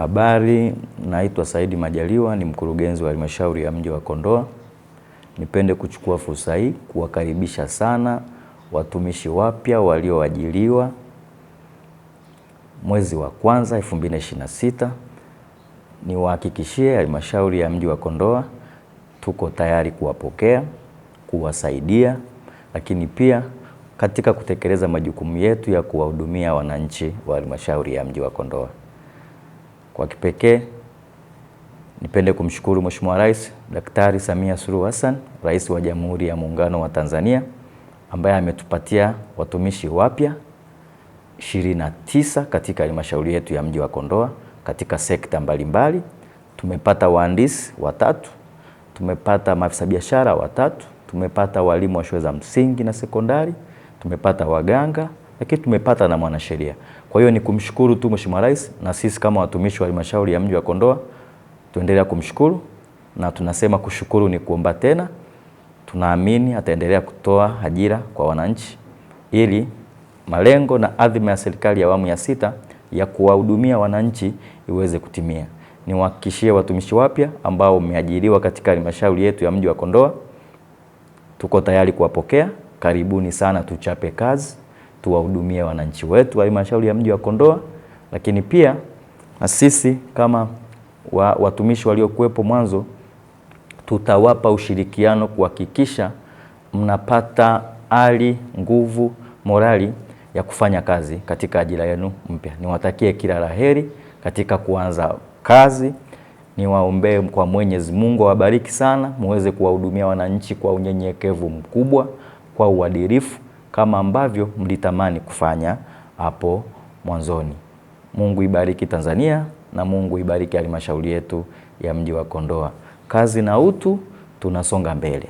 Habari, naitwa Saidi Majaliwa ni mkurugenzi wa halmashauri ya mji wa Kondoa. Nipende kuchukua fursa hii kuwakaribisha sana watumishi wapya walioajiliwa mwezi wa kwanza 2026. Niwahakikishie halmashauri ya mji wa Kondoa tuko tayari kuwapokea, kuwasaidia, lakini pia katika kutekeleza majukumu yetu ya kuwahudumia wananchi wa halmashauri ya mji wa Kondoa. Kwa kipekee nipende kumshukuru Mheshimiwa Rais Daktari Samia Suluhu Hassan, Rais wa Jamhuri ya Muungano wa Tanzania ambaye ametupatia watumishi wapya 29 katika halmashauri yetu ya mji wa Kondoa katika sekta mbalimbali. Tumepata wahandisi watatu, tumepata maafisa biashara watatu, tumepata walimu wa shule za msingi na sekondari, tumepata waganga lakini tumepata na mwanasheria. Kwa hiyo ni kumshukuru tu Mheshimiwa Rais, na sisi kama watumishi wa halmashauri ya mji wa Kondoa tuendelea kumshukuru na tunasema kushukuru ni kuomba tena. Tunaamini ataendelea kutoa ajira kwa wananchi ili malengo na adhima ya serikali ya awamu ya sita ya kuwahudumia wananchi iweze kutimia. Niwahakikishie watumishi wapya ambao mmeajiriwa katika halmashauri yetu ya mji wa Kondoa, tuko tayari kuwapokea. Karibuni sana, tuchape kazi tuwahudumie wananchi wetu wa halmashauri ya mji wa Kondoa, lakini pia na sisi kama wa, watumishi waliokuwepo mwanzo tutawapa ushirikiano kuhakikisha mnapata hali nguvu, morali ya kufanya kazi katika ajira yenu mpya. Niwatakie kila laheri katika kuanza kazi, niwaombee kwa Mwenyezi Mungu awabariki sana, muweze kuwahudumia wananchi kwa unyenyekevu mkubwa, kwa uadilifu kama ambavyo mlitamani kufanya hapo mwanzoni. Mungu ibariki Tanzania na Mungu ibariki halmashauri yetu ya mji wa Kondoa. Kazi na utu tunasonga mbele.